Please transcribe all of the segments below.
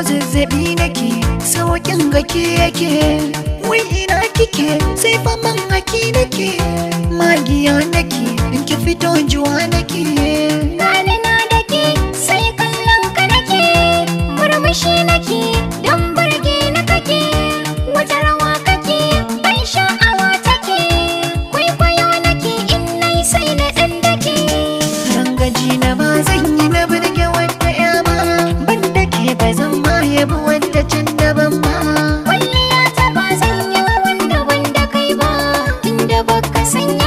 ko zazzabi nake sauƙin gake yake wai ina kike sai faman haki nake magiya nake in ki fito juwa nake Señor.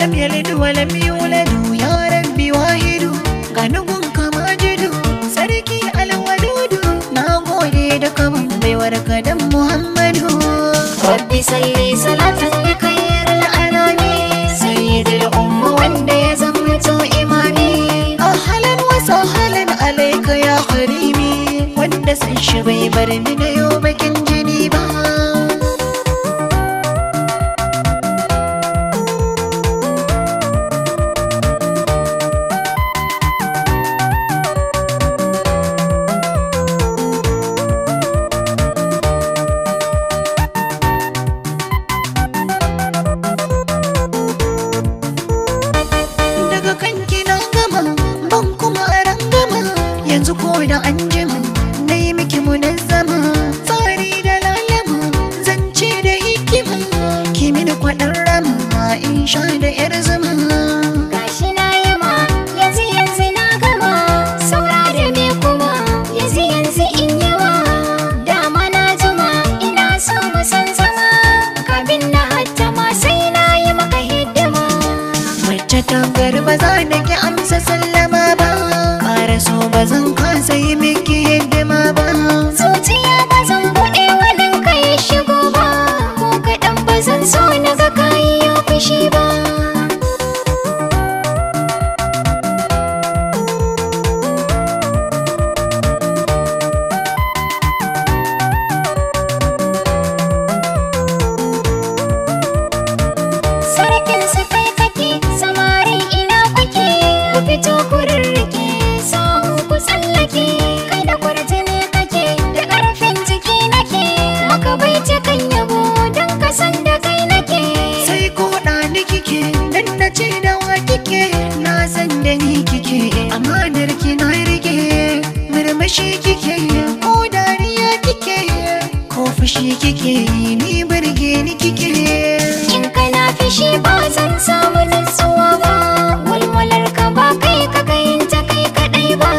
lam yalid wa lam yulad ya rabbi ganugun kama jidu sarki alwadudu na gode da kaman. baiwar ka dan muhammadu rabbi salli salatan li khairil anami sayyidil umma wanda ya zama imami ahlan wa sahlan alayka ya karimi wanda san shi bai bar ni da yau bakin da an jima na yi miki munazzama tsari da lalama zance da hikima ki mini kwaɗin rama in sha da yar zuma. gashi na yama yanzu yanzu na gama saura da me kuma yanzu yanzu in yawa dama na juma ina so mu san zama kabin na hatta sai na yi maka hidima wacce ta garba za na kike dan na da wa kike na san da ni kike amanar ki na rike murmushi kike ko dariya kike ko fushi kike ni burge ni kike kin kana fishi ba san samu nutsuwa ba walwalar ka ba kai ka kai ta kai kadai ba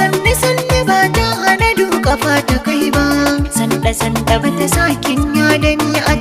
sanne sanne ba ta hana duka fata kai ba sanda sanda ba ta sakin ya da ni a